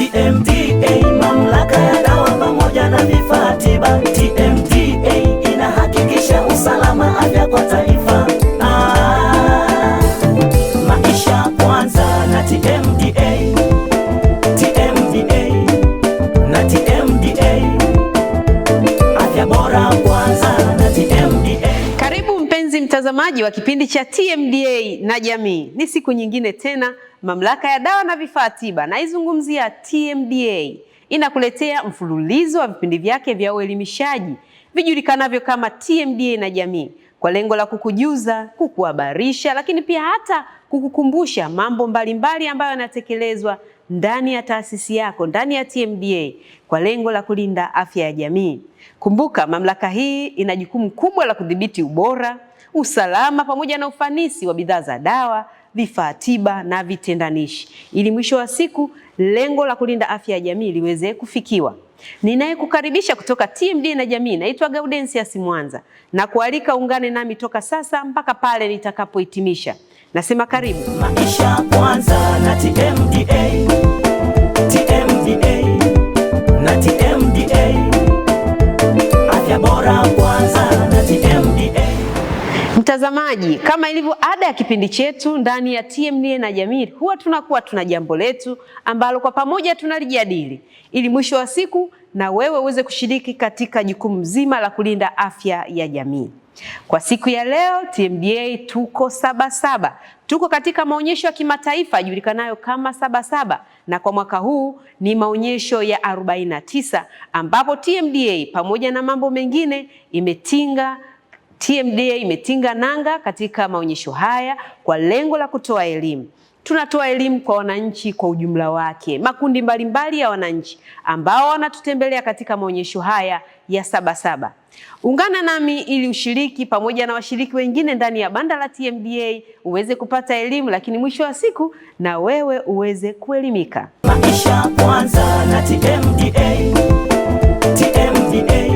TMDA, mamlaka ya dawa pamoja na vifaa tiba. TMDA inahakikisha usalama afya kwa taifa. Mtazamaji wa kipindi cha TMDA na jamii, ni siku nyingine tena, mamlaka ya dawa na vifaa tiba naizungumzia TMDA inakuletea mfululizo wa vipindi vyake vya uelimishaji vijulikanavyo kama TMDA na jamii kwa lengo la kukujuza, kukuhabarisha, lakini pia hata kukukumbusha mambo mbalimbali mbali ambayo yanatekelezwa ndani ya taasisi yako ndani ya TMDA kwa lengo la kulinda afya ya jamii. Kumbuka mamlaka hii ina jukumu kubwa la kudhibiti ubora usalama pamoja na ufanisi wa bidhaa za dawa, vifaa tiba na vitendanishi, ili mwisho wa siku lengo la kulinda afya ya jamii liweze kufikiwa. Ninayekukaribisha kutoka TMD na jamii naitwa Gaudensia Simwanza na kualika ungane nami toka sasa mpaka pale nitakapohitimisha. Nasema karibu maisha kwanza na TMDA. TMDA na TMDA. Afya bora kwanza na TMDA. Mtazamaji, kama ilivyo ada ya kipindi chetu ndani ya TMDA na Jamii, huwa tunakuwa tuna jambo letu ambalo kwa pamoja tunalijadili ili mwisho wa siku na wewe uweze kushiriki katika jukumu zima la kulinda afya ya jamii. Kwa siku ya leo TMDA tuko Sabasaba, tuko katika maonyesho ya kimataifa yajulikanayo kama Sabasaba, na kwa mwaka huu ni maonyesho ya 49 ambapo TMDA pamoja na mambo mengine imetinga TMDA imetinga nanga katika maonyesho haya kwa lengo la kutoa elimu. Tunatoa elimu kwa wananchi kwa ujumla wake, makundi mbalimbali mbali ya wananchi ambao wanatutembelea katika maonyesho haya ya Sabasaba. Ungana nami ili ushiriki pamoja na washiriki wengine ndani ya banda la TMDA uweze kupata elimu, lakini mwisho wa siku na wewe uweze kuelimika. Maisha kwanza na TMDA, TMDA,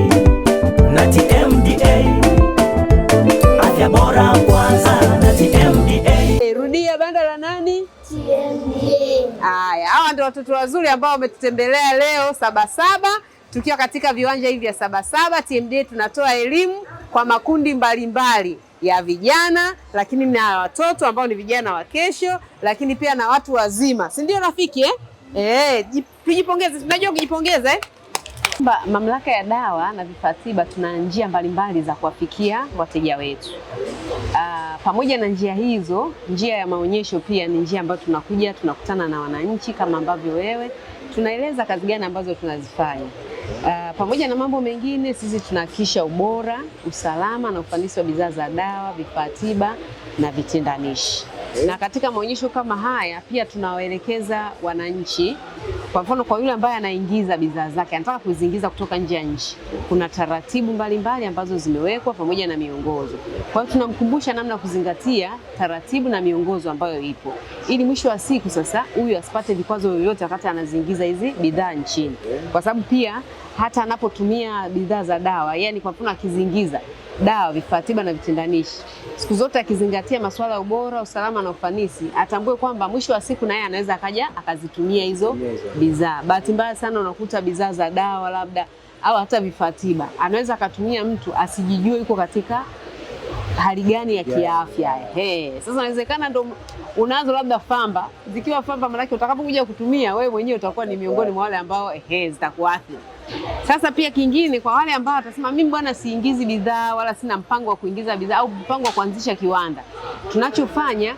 na TMDA. Tabora Kwanza na TMDA. Eh, rudia banda la nani? TMDA. Haya, hawa ndio watoto wazuri ambao wametutembelea leo Sabasaba tukiwa katika viwanja hivi vya Sabasaba. TMDA tunatoa elimu kwa makundi mbalimbali mbali ya vijana lakini na watoto ambao ni vijana wa kesho, lakini pia na watu wazima, si ndio rafiki eh? Eh, tujipongeze, tunajua kujipongeza eh? Ba, Mamlaka ya Dawa na Vifaa Tiba tuna njia mbalimbali za kuwafikia wateja wetu. Aa, ah, pamoja na njia hizo, njia ya maonyesho pia ni njia ambayo tunakuja tunakutana na wananchi kama ambavyo wewe, tunaeleza kazi gani ambazo tunazifanya. Aa, ah, pamoja na mambo mengine, sisi tunahakikisha ubora, usalama na ufanisi wa bidhaa za dawa, vifaa tiba na vitendanishi na katika maonyesho kama haya pia tunawaelekeza wananchi. Kwa mfano, kwa yule ambaye anaingiza bidhaa zake, anataka kuziingiza kutoka nje ya nchi, kuna taratibu mbalimbali mbali ambazo zimewekwa pamoja na miongozo. Kwa hiyo tunamkumbusha namna ya kuzingatia taratibu na miongozo ambayo ipo, ili mwisho wa siku sasa huyu asipate vikwazo vyovyote wakati anaziingiza hizi bidhaa nchini, kwa sababu pia hata anapotumia bidhaa za dawa, yani kwa mfano akiziingiza dawa, vifaa tiba na vitendanishi. Siku zote akizingatia masuala ya ubora, usalama na ufanisi, atambue kwamba mwisho wa siku naye anaweza akaja akazitumia hizo bidhaa. Bahati mbaya sana unakuta bidhaa za dawa labda au hata vifaa tiba anaweza akatumia mtu asijijue yuko katika hali gani ya kiafya. Hey, sasa inawezekana ndo unazo labda famba, zikiwa famba manake utakapokuja kutumia wewe mwenyewe utakuwa ni miongoni mwa wale ambao hey, zitakuathiri. Sasa pia kingine, kwa wale ambao watasema mimi bwana siingizi bidhaa wala sina mpango wa kuingiza bidhaa au mpango wa kuanzisha kiwanda, tunachofanya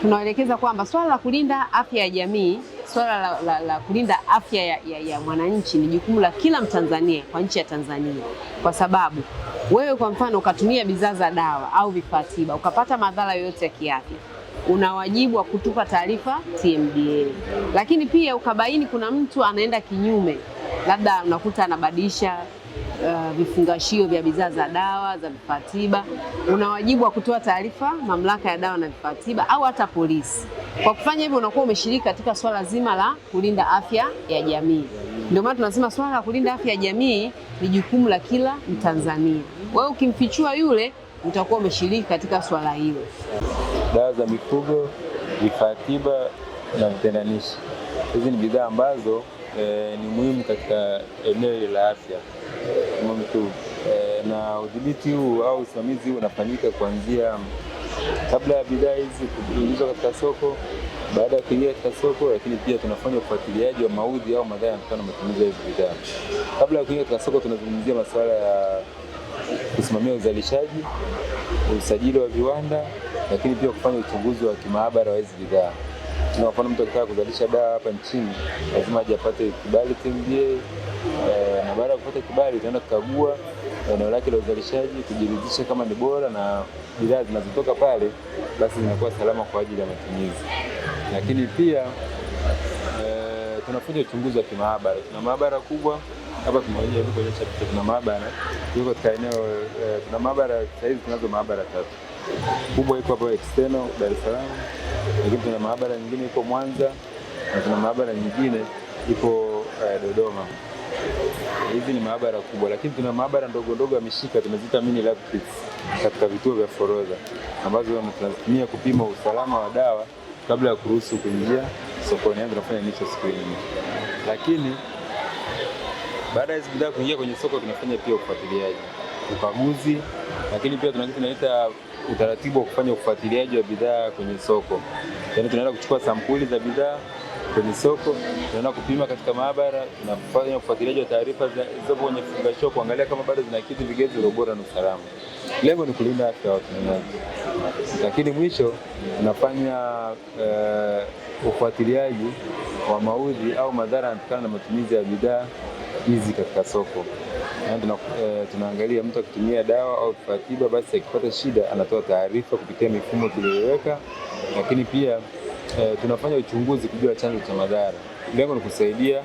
tunaelekeza kwamba swala la kulinda afya ya jamii swala la, la, la kulinda afya ya, ya, ya mwananchi ni jukumu la kila Mtanzania kwa nchi ya Tanzania, kwa sababu wewe kwa mfano ukatumia bidhaa za dawa au vifaa tiba ukapata madhara yoyote ya kiafya una wajibu wa kutupa taarifa TMDA, lakini pia ukabaini kuna mtu anaenda kinyume, labda unakuta anabadilisha uh, vifungashio vya bidhaa za dawa za vifaa tiba, una wajibu wa kutoa taarifa mamlaka ya dawa na vifaa tiba au hata polisi. Kwa kufanya hivyo, unakuwa umeshiriki katika swala zima la kulinda afya ya jamii. Ndio maana tunasema swala la kulinda afya ya jamii ni jukumu la kila Mtanzania. Wewe ukimfichua yule, utakuwa umeshiriki katika swala hilo. Dawa za mifugo, vifaa tiba na vitendanishi, hizi ni bidhaa ambazo eh, ni muhimu katika eneo la afya e, na udhibiti huu au usimamizi huu unafanyika kuanzia kabla ya bidhaa hizi kuingizwa katika soko, baada ya kuingia katika soko, lakini pia tunafanya ufuatiliaji wa maudhi au madhara yanayotokana na matumizi ya hizi bidhaa. Kabla ya kuingia katika soko, tunazungumzia masuala ya kusimamia uzalishaji, usajili wa viwanda, lakini pia kufanya uchunguzi wa kimaabara wa hizi bidhaa. Kwa mfano mtu akitaka kuzalisha dawa hapa nchini lazima aje apate kibali TMDA, eh, na baada ya kupata kibali tunaenda kukagua eneo lake la uzalishaji kujiridhisha kama ni bora na bidhaa zinazotoka pale basi zinakuwa salama kwa ajili ya matumizi. Lakini pia e, tunafanya uchunguzi wa kimaabara. Tuna maabara kubwa hapa, tunaonyesha picha. Tuna maabara iko katika eneo, eh, tuna maabara hivi tunazo maabara tatu kubwa iko hapa external Dar es Salaam, lakini tuna maabara nyingine iko Mwanza na tuna maabara nyingine iko uh, eh, Dodoma. Hizi ni maabara kubwa, lakini tuna maabara ndogo ndogo yameshika, tumezita mini lab kits katika vituo vya forodha ambazo tunazitumia kupima usalama wa dawa kabla ya kuruhusu kuingia sokoni, yani tunafanya initial screening. Lakini baada ya bidhaa kuingia kwenye soko, tunafanya pia ufuatiliaji, ukaguzi, lakini pia tuna tunaita utaratibu wa kufanya ufuatiliaji wa bidhaa kwenye soko. Yaani tunaenda kuchukua sampuli za bidhaa kwenye soko, tunaenda kupima katika maabara, tunafanya ufuatiliaji wa taarifa zilizopo kwenye vifungashio kuangalia kama bado zinakidhi vigezo vya ubora na usalama. Lengo ni kulinda afya ya watumiaji, lakini mwisho tunafanya uh, ufuatiliaji wa maudhi au madhara yanatokana na matumizi ya bidhaa hizi katika soko. Eh, tunaangalia mtu akitumia dawa au vifaa tiba, basi akipata shida anatoa taarifa kupitia mifumo tuliyoweka, lakini pia e, tunafanya uchunguzi kujua chanzo cha madhara. Lengo ni kusaidia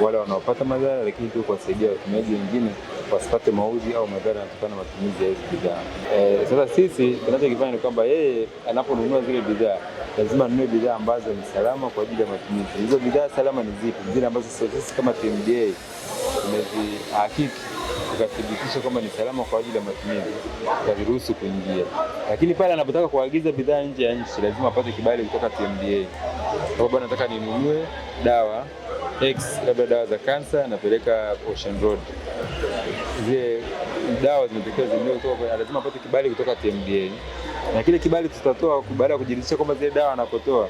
wale wanaopata madhara, lakini pia kuwasaidia watumiaji wengine wasipate mauzi au madhara yanatokana na matumizi ya hizi bidhaa. E, sasa sisi tunachokifanya ni kwamba yeye anaponunua zile bidhaa lazima anunue bidhaa ambazo ni salama kwa ajili ya matumizi. Hizo bidhaa salama ni zipi? Zile ambazo sisi kama TMDA tumezihakiki akathibitisha kwamba ni salama kwa ajili ya matumizi ya virusi kuingia. Lakini pale anapotaka kuagiza bidhaa nje ya nchi lazima apate kibali kutoka TMDA. Kwa sababu nataka ninunue dawa X labda dawa za kansa napeleka Ocean Road. Zile dawa zimetokea zenyewe kutoka, lazima apate kibali kutoka TMDA. Na kile kibali tutatoa baada ya kujiridhisha kwamba zile dawa anapotoa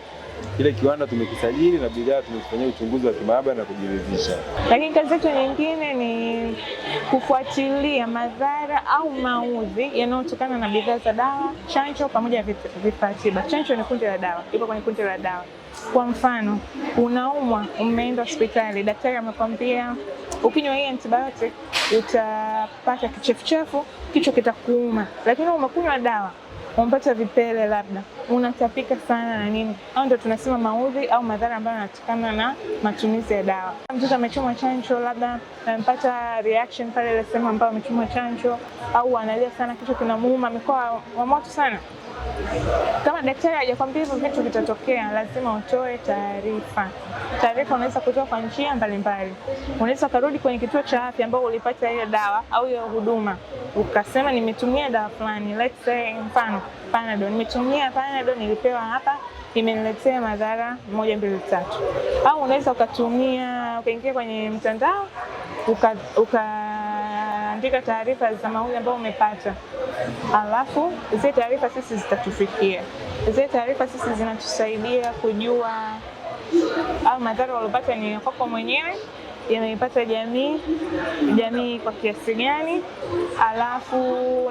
kile kiwanda tumekisajili na bidhaa tumefanyia uchunguzi wa kimaabara na kujiridhisha. Lakini kazi yetu nyingine ni kufuatilia madhara au maudhi yanayotokana na bidhaa za dawa, chanjo pamoja na vifaa tiba. Chanjo ni kundi la dawa, ipo kwenye kundi la dawa. Kwa mfano, unaumwa, umeenda hospitali, daktari amekwambia ukinywa hii antibiotic utapata kichefuchefu, kichwa kitakuuma, lakini umekunywa dawa umepata vipele, labda unatapika sana na nini, au ndio tunasema maudhi au madhara ambayo yanatokana na matumizi ya dawa. Mtoto amechomwa chanjo, labda amepata reaction pale ile sehemu ambayo amechomwa chanjo, au analia sana, kichwa kinamuuma, amekuwa wa moto sana kama daktari hajakwambia hivyo vitu vitatokea, lazima utoe taarifa. Taarifa unaweza kutoa kwa njia mbalimbali. Unaweza ukarudi kwenye kituo cha afya ambao ulipata hiyo dawa au hiyo huduma, ukasema nimetumia dawa fulani, let's say mfano panado nimetumia panado nilipewa hapa imeniletea madhara moja mbili tatu. Au unaweza ukatumia ukaingia kwenye mtandao uka, uka unaandika taarifa za maoni ambayo umepata, alafu zile taarifa sisi zitatufikia. Zile taarifa sisi zinatusaidia kujua au madhara waliopata ni kwako mwenyewe imeipata jamii jamii kwa kiasi gani, alafu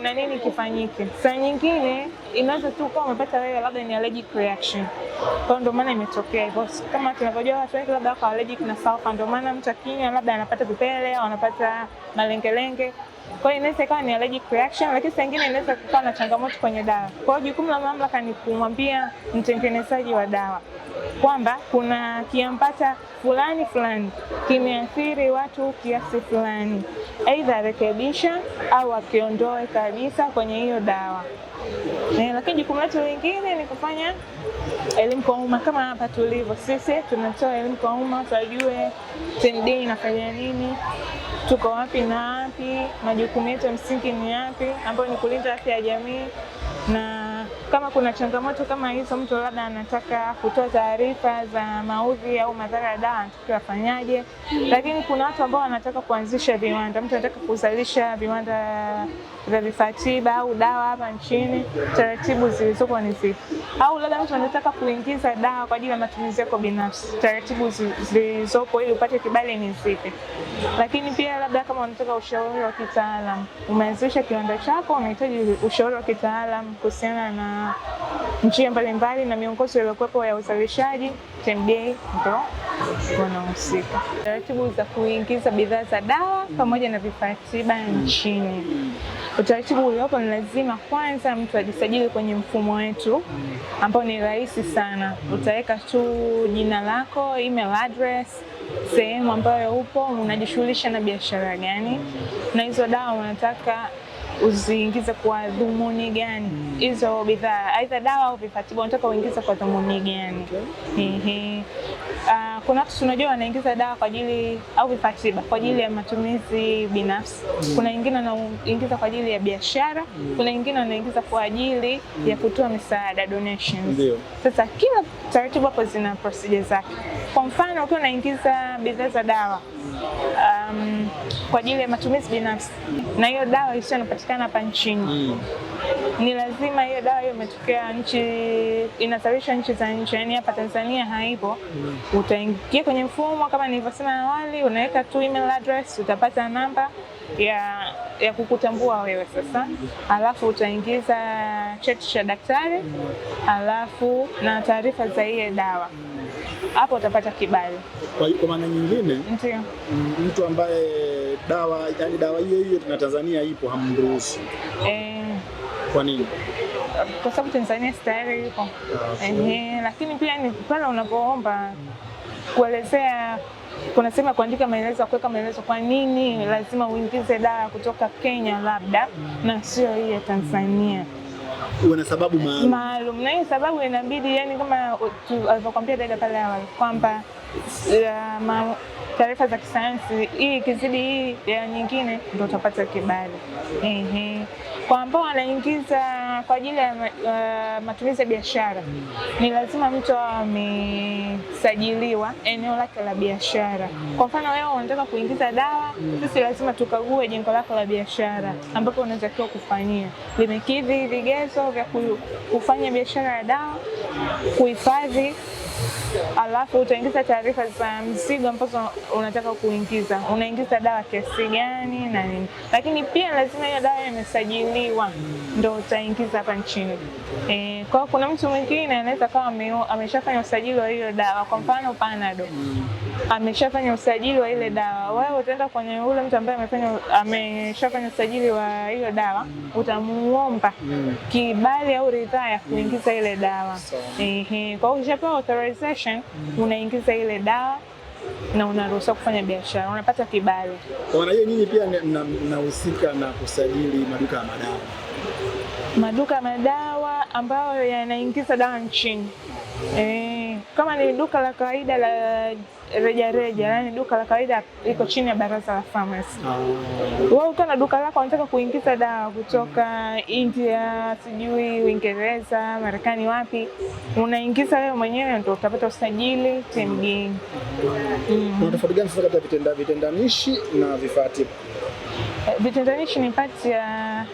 na nini kifanyike. Saa nyingine inaweza tu kuwa umepata wewe labda ni allergic reaction, kwa ndio maana imetokea hivyo. Kama tunavyojua watu wengi labda wako allergic na sulfa, ndio maana mtu akinywa labda anapata vipele au anapata malengelenge kwa hiyo inaweza ikawa ni allergic reaction, lakini saa nyingine inaweza kukawa na changamoto kwenye dawa. Kwa hiyo jukumu la mamlaka ni kumwambia mtengenezaji wa dawa kwamba kuna kiambata fulani fulani kimeathiri watu kiasi fulani, aidha rekebisha au akiondoe kabisa kwenye hiyo dawa. lakini jukumu letu lingine ni kufanya elimu kwa umma kama hapa tulivyo sisi, tunatoa elimu kwa umma, wajue TMD inafanya nini tuko wapi na wapi, majukumu yetu ya msingi ni yapi, ambayo ni kulinda afya ya jamii. Na kama kuna changamoto kama hizo, mtu labda anataka kutoa taarifa za maudhi au madhara ya dawa, anatakiwa afanyaje? Lakini kuna watu ambao wanataka kuanzisha viwanda, mtu anataka kuzalisha viwanda vya vifaa tiba au dawa hapa nchini, taratibu zilizopo ni zipi, au labda mtu anataka kuingiza dawa kwa ajili ya matumizi yako binafsi, taratibu zilizopo ili upate kibali ni zipi. Lakini pia labda kama unataka ushauri wa kitaalamu, umeanzisha kiwanda chako, unahitaji ushauri wa kitaalamu kuhusiana na njia mbalimbali na miongozo iliyokuwepo ya uzalishaji TMDA ndo wanahusika. Taratibu za kuingiza bidhaa za dawa pamoja na vifaa tiba nchini, utaratibu uliopo ni lazima kwanza mtu ajisajili kwenye mfumo wetu ambao ni rahisi sana. Utaweka tu jina lako, email address, sehemu ambayo upo, unajishughulisha na biashara gani, na hizo dawa unataka uziingize kwa dhumuni gani hmm. hizo mm. bidhaa aidha dawa au vifaa tiba, unataka uingize kwa dhumuni gani? Okay. Uh, kuna watu tunajua wanaingiza dawa kwa ajili au vifaa tiba kwa ajili ya hmm. matumizi binafsi mm. kuna wengine wanaingiza kwa ajili ya biashara mm. kuna wengine wanaingiza kwa ajili mm. ya kutoa misaada donations. Sasa kila taratibu hapo zina procedure zake. Kwa mfano ukiwa unaingiza bidhaa za dawa uh, kwa ajili ya matumizi binafsi, na hiyo dawa inapatikana hapa nchini mm. Ni lazima hiyo dawa hiyo imetokea nchi inazalishwa nchi za nje, yani hapa Tanzania haipo mm. Utaingia kwenye mfumo kama nilivyosema awali, unaweka tu email address, utapata namba ya ya kukutambua wewe sasa, alafu utaingiza cheti cha daktari, hmm. alafu na taarifa za ile dawa hmm hapo utapata kibali. Kwa maana nyingine, ndio mtu ambaye dawa yani dawa hiyo hiyo na Tanzania ipo hamruhusu eh. Kwa nini? Kwa sababu Tanzania stayari ipo ah, eh, eh, lakini pia ni pale unapoomba kuelezea kuna sema kuandika maelezo, kuweka maelezo kwa nini lazima uingize dawa kutoka Kenya labda na sio hii ya Tanzania una sababu maalum maalum, na hii sababu inabidi yani, kama alivyokwambia dada pale awali kwamba uh, taarifa za kisayansi hii ikizidi hii ya nyingine ndio utapata kibali. Ehe, kwa ambao wanaingiza kwa ajili ya uh, matumizi ya biashara ni lazima mtu amesajiliwa eneo lake la biashara. Kwa mfano wewe unataka kuingiza dawa, sisi lazima tukague jengo lako la biashara ambapo unatakiwa kufanyia, limekidhi vigezo vya kufanya biashara ya dawa, kuhifadhi alafu utaingiza taarifa za mzigo ambazo unataka kuingiza, unaingiza dawa kiasi gani na nini, lakini pia lazima hiyo dawa imesajiliwa ndo utaingiza hapa nchini. E, kwa kuna mtu mwingine anaweza kawa ameshafanya usajili wa hiyo dawa, kwa mfano Panado ameshafanya usajili wa ile dawa. Wewe utaenda kwenye ule mtu ambaye amefanya ameshafanya usajili wa hiyo dawa, utamuomba kibali au ridhaa ya kuingiza ile dawa. Ehe, kwa ushapewa authorization registration mm. unaingiza ile dawa na unaruhusiwa kufanya biashara, unapata kibali. Wanajua nyinyi pia mnahusika na kusajili maduka ya madawa, maduka ya madawa ambayo yanaingiza dawa nchini eh. Kama ni duka la kawaida la rejareja, yani duka la kawaida liko chini ya baraza la famasi. Ah. Wewe ukiwa na duka lako unataka kuingiza dawa kutoka India, sijui Uingereza, Marekani, wapi, unaingiza wewe mwenyewe, ndio utapata usajili TMDA. Tofauti gani sasa kati ya vitendanishi na vifaa tiba? Eh, vitendanishi ni pati ya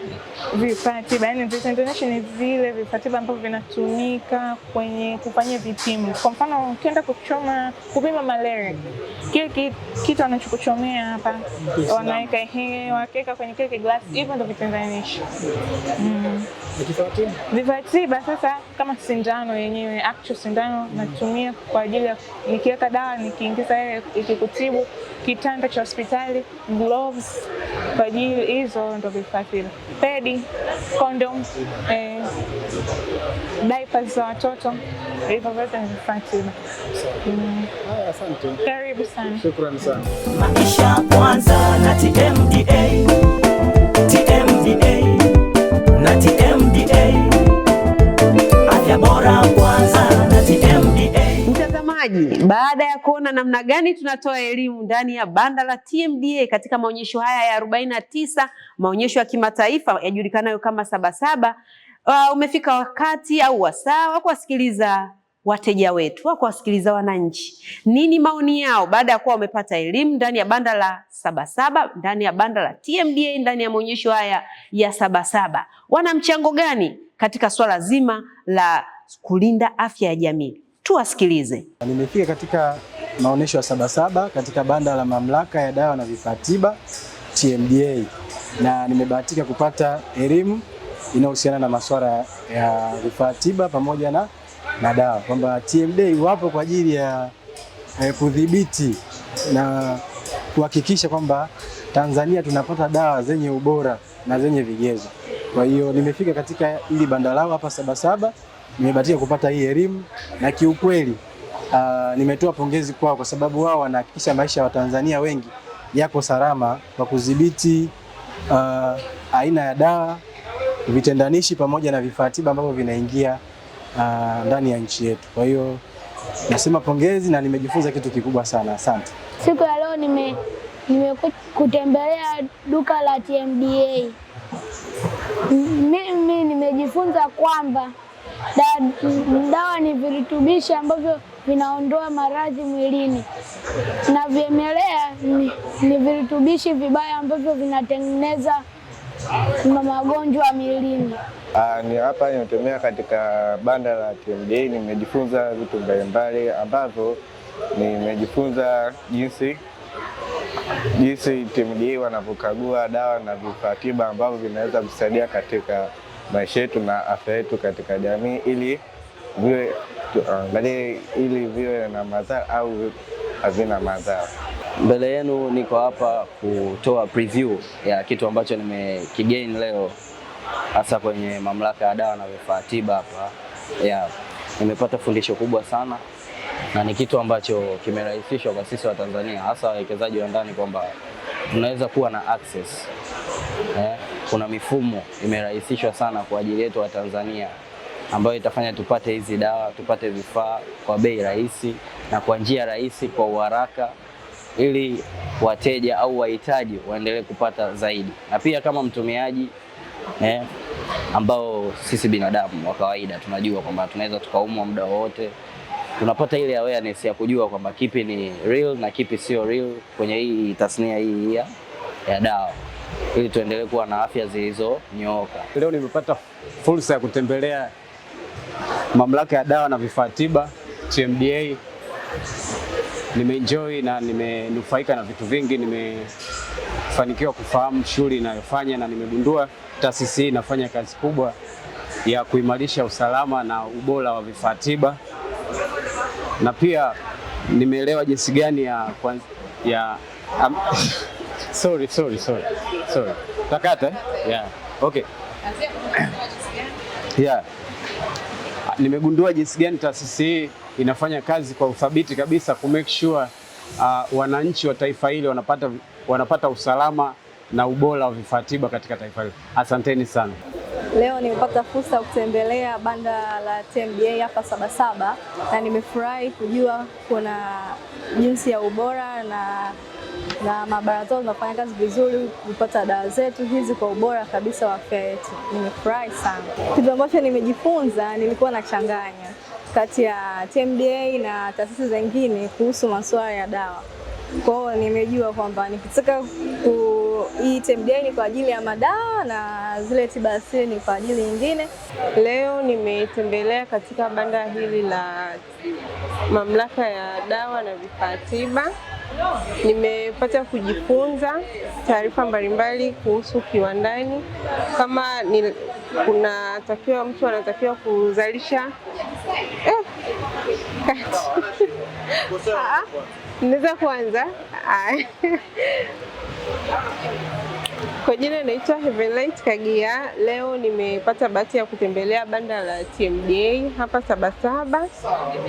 vipati baini. Vitendanishi ni vile vipatiba ambavyo vinatumika kwenye kufanyia vipimo. Kwa mfano, ukienda kuchoma kupima malaria, kile kitu anachokuchomea hapa wanaweka, wakiweka kwenye kile kiglasi, hivyo ndo vitendanishi mm. Vifaa tiba sasa, kama sindano yenyewe, actual sindano natumia kwa ajili ya nikiweka dawa, nikiingiza ile ikikutibu, kitanda cha hospitali, gloves kwa ajili hizo, ndo vifaa tiba, pedi, condom, eh, diapers za watoto, hivyo vyote ni vifaa tiba. karibu sana, shukrani sana. Maisha Kwanza na TMDA, TMDA na Baada ya kuona namna gani tunatoa elimu ndani ya banda la TMDA katika maonyesho haya ya 49, na tisa, maonyesho ya kimataifa yajulikanayo kama Sabasaba, uh, umefika wakati au wasaa wa kuwasikiliza wateja wetu, wa kuwasikiliza wananchi, nini maoni yao baada ya kuwa wamepata elimu ndani ya banda la Sabasaba, ndani ya banda la TMDA, ndani ya maonyesho haya ya Sabasaba, wana mchango gani katika swala zima la kulinda afya ya jamii? tuwasikilize. Nimefika katika maonyesho ya Sabasaba katika banda la mamlaka ya dawa na vifaa tiba TMDA, na nimebahatika kupata elimu inayohusiana na masuala ya vifaa tiba pamoja na, na dawa kwamba TMDA wapo kwa ajili ya eh, kudhibiti na kuhakikisha kwamba Tanzania tunapata dawa zenye ubora na zenye vigezo. Kwa hiyo nimefika katika hili banda lao hapa Sabasaba nimebahatika kupata hii elimu na kiukweli, uh, nimetoa pongezi kwao kwa sababu wao wanahakikisha maisha ya Watanzania wengi yako salama kwa kudhibiti uh, aina ya dawa, vitendanishi pamoja na vifaa tiba ambavyo vinaingia uh, ndani ya nchi yetu. Kwa hiyo nasema pongezi na nimejifunza kitu kikubwa sana. Asante. Siku ya leo nime nimekutembelea duka la TMDA. Mimi nimejifunza kwamba Da, dawa ni virutubishi ambavyo vinaondoa maradhi mwilini, na vyemelea ni, ni virutubishi vibaya ambavyo vinatengeneza magonjwa mwilini. Ah, ni hapa nimetumia katika banda la TMJ, nimejifunza vitu mbalimbali ambavyo nimejifunza jinsi jinsi TMJ wanavyokagua dawa na vifaa tiba ambavyo vinaweza kusaidia katika maisha yetu na afya yetu katika jamii ili viwe uh, ili viwe na madhara au hazina madhara. Mbele yenu niko hapa kutoa preview ya kitu ambacho nimekigain leo hasa kwenye mamlaka ya dawa na vifaa tiba hapa. ya nimepata fundisho kubwa sana na ni kitu ambacho kimerahisishwa kwa sisi wa Tanzania hasa wawekezaji wa ndani kwamba tunaweza kuwa na access eh, kuna mifumo imerahisishwa sana kwa ajili yetu wa Tanzania ambayo itafanya tupate hizi dawa, tupate vifaa kwa bei rahisi na kwa njia rahisi, kwa uharaka, ili wateja au wahitaji waendelee kupata zaidi, na pia kama mtumiaji eh, ambao sisi binadamu wa kawaida tunajua kwamba tunaweza tukaumwa muda wowote, tunapata ile awareness ya kujua kwamba kipi ni real na kipi sio real kwenye hii tasnia hii ya dawa ili tuendelee kuwa na afya zilizonyooka. Leo nimepata fursa ya kutembelea Mamlaka ya Dawa na Vifaa Tiba TMDA. Nimeenjoy na nimenufaika na vitu vingi, nimefanikiwa kufahamu shughuli inayofanya na nimegundua taasisi hii inafanya kazi kubwa ya kuimarisha usalama na ubora wa vifaa tiba, na pia nimeelewa jinsi gani ya, ya, ya Sorry, sorry, sorry. Sorry. Takata? Yeah. Okay. Yeah. Nimegundua jinsi gani taasisi hii inafanya kazi kwa uthabiti kabisa ku make sure uh, wananchi wa taifa hili wanapata, wanapata usalama na ubora wa vifaa tiba katika taifa hili. Asanteni sana. Leo nimepata fursa ya kutembelea banda la TMDA hapa Sabasaba na nimefurahi kujua kuna jinsi ya ubora na na maabara zao zinafanya kazi vizuri kupata dawa zetu hizi kwa ubora kabisa wa afya yetu. Nimefurahi sana. Kitu ambacho nimejifunza, nilikuwa nachanganya kati ya TMDA na taasisi zingine kuhusu masuala ya dawa. Kwao nimejua kwamba nikitaka hii TMDA kwa ajili ya madawa na zile tiba asili ni kwa ajili nyingine. Leo nimetembelea katika banda hili la Mamlaka ya Dawa na Vifaa Tiba. Nimepata kujifunza taarifa mbalimbali kuhusu kiwandani, kama ni kunatakiwa mtu anatakiwa kuzalisha eh, Naweza kuanza. Kwa jina naitwa Heavenlight Kagia. Leo nimepata bahati ya kutembelea banda la TMDA hapa Sabasaba.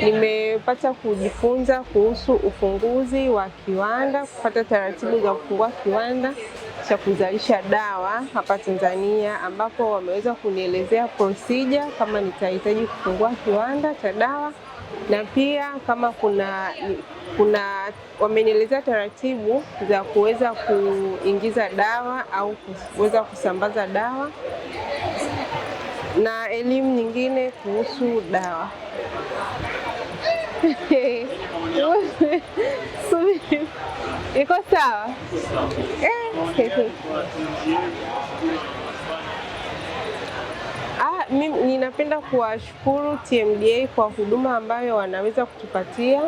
Nimepata kujifunza kuhusu ufunguzi wa kiwanda, kupata taratibu za kufungua kiwanda cha kuzalisha dawa hapa Tanzania, ambapo wameweza kunielezea procedure kama nitahitaji kufungua kiwanda cha dawa na pia kama kuna kuna wamenielezea taratibu za kuweza kuingiza dawa au kuweza kusambaza dawa na elimu nyingine kuhusu dawa. iko sawa? Eh mimi ninapenda kuwashukuru TMDA kwa huduma ambayo wanaweza kutupatia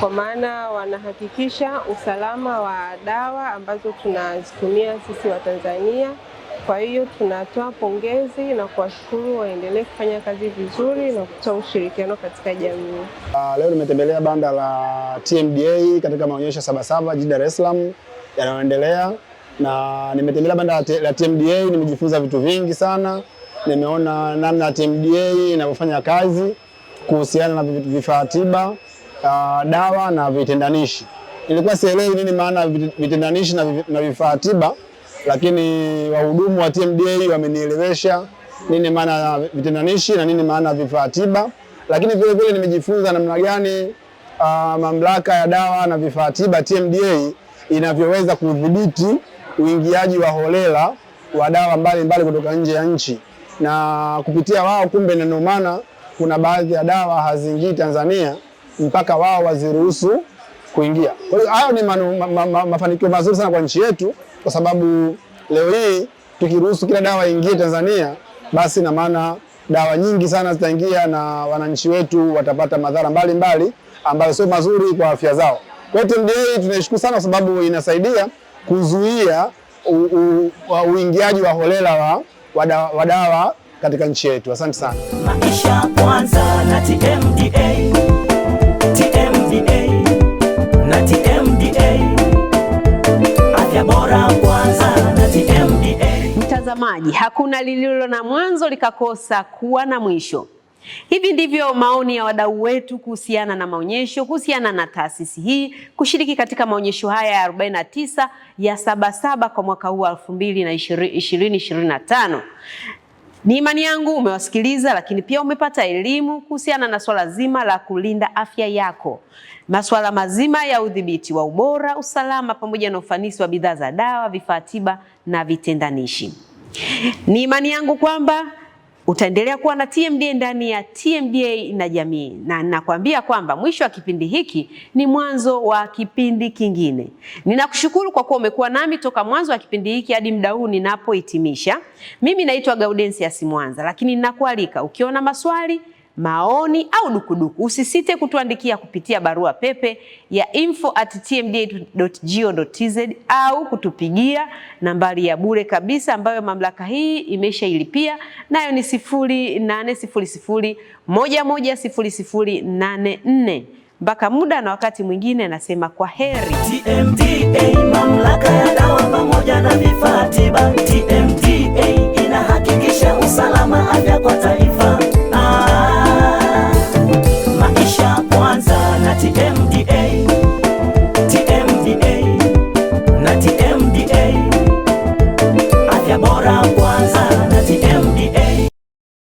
kwa maana wanahakikisha usalama wa dawa ambazo tunazitumia sisi wa tanzania Kwa hiyo tunatoa pongezi na kuwashukuru, waendelee kufanya kazi vizuri na kutoa ushirikiano katika jamii. Uh, leo nimetembelea banda la TMDA katika maonyesho Sabasaba jijini Dar es Salaam yanayoendelea, na nimetembelea banda la TMDA, nimejifunza vitu vingi sana nimeona namna ya TMDA inavyofanya kazi kuhusiana na vifaa tiba, uh, dawa na vitendanishi. Nilikuwa sielewi nini maana ya vitendanishi na vifaa tiba, lakini wahudumu wa TMDA wamenielewesha nini maana ya vitendanishi na nini maana ya vifaa tiba, lakini vile vile nimejifunza namna gani uh, mamlaka ya dawa na vifaa tiba TMDA inavyoweza kudhibiti uingiaji wa holela wa dawa mbalimbali kutoka nje ya nchi na kupitia wao, kumbe ndio maana kuna baadhi ya dawa hazingii Tanzania mpaka wao waziruhusu kuingia. Kwa hiyo hayo ni ma, ma, ma, mafanikio mazuri sana kwa nchi yetu, kwa sababu leo hii tukiruhusu kila dawa ingie Tanzania, basi na maana dawa nyingi sana zitaingia na wananchi wetu watapata madhara mbalimbali ambayo sio mazuri kwa afya zao. Kwa hiyo TMDA tunashukuru sana, kwa sababu inasaidia kuzuia uingiaji wa holela wa wadawa katika nchi yetu. Asante sana. Maisha kwanza na TMDA. TMDA na TMDA. Afya bora kwanza na TMDA. Mtazamaji, hakuna lililo na mwanzo likakosa kuwa na mwisho. Hivi ndivyo maoni ya wadau wetu kuhusiana na maonyesho, kuhusiana na taasisi hii kushiriki katika maonyesho haya ya 49 ya Sabasaba kwa mwaka huu 2025. Ni imani yangu umewasikiliza, lakini pia umepata elimu kuhusiana na swala zima la kulinda afya yako, masuala mazima ya udhibiti wa ubora, usalama pamoja na ufanisi wa bidhaa za dawa, vifaa tiba na vitendanishi. Ni imani yangu kwamba Utaendelea kuwa na TMDA ndani ya TMDA na jamii, na ninakwambia kwamba mwisho wa kipindi hiki ni mwanzo wa kipindi kingine. Ninakushukuru kwa kuwa umekuwa nami toka mwanzo wa kipindi hiki hadi muda huu ninapohitimisha. Mimi naitwa Gaudensia Simwanza, lakini ninakualika ukiona maswali maoni au dukuduku, usisite kutuandikia kupitia barua pepe ya info@tmda.go.tz au kutupigia nambari ya bure kabisa ambayo mamlaka hii imeshailipia nayo ni nne. Mpaka muda na wakati mwingine, nasema kwa heri. TMDA, mamlaka ya dawa pamoja na vifaa tiba. TMDA inahakikisha usalama afya kwa taifa. katika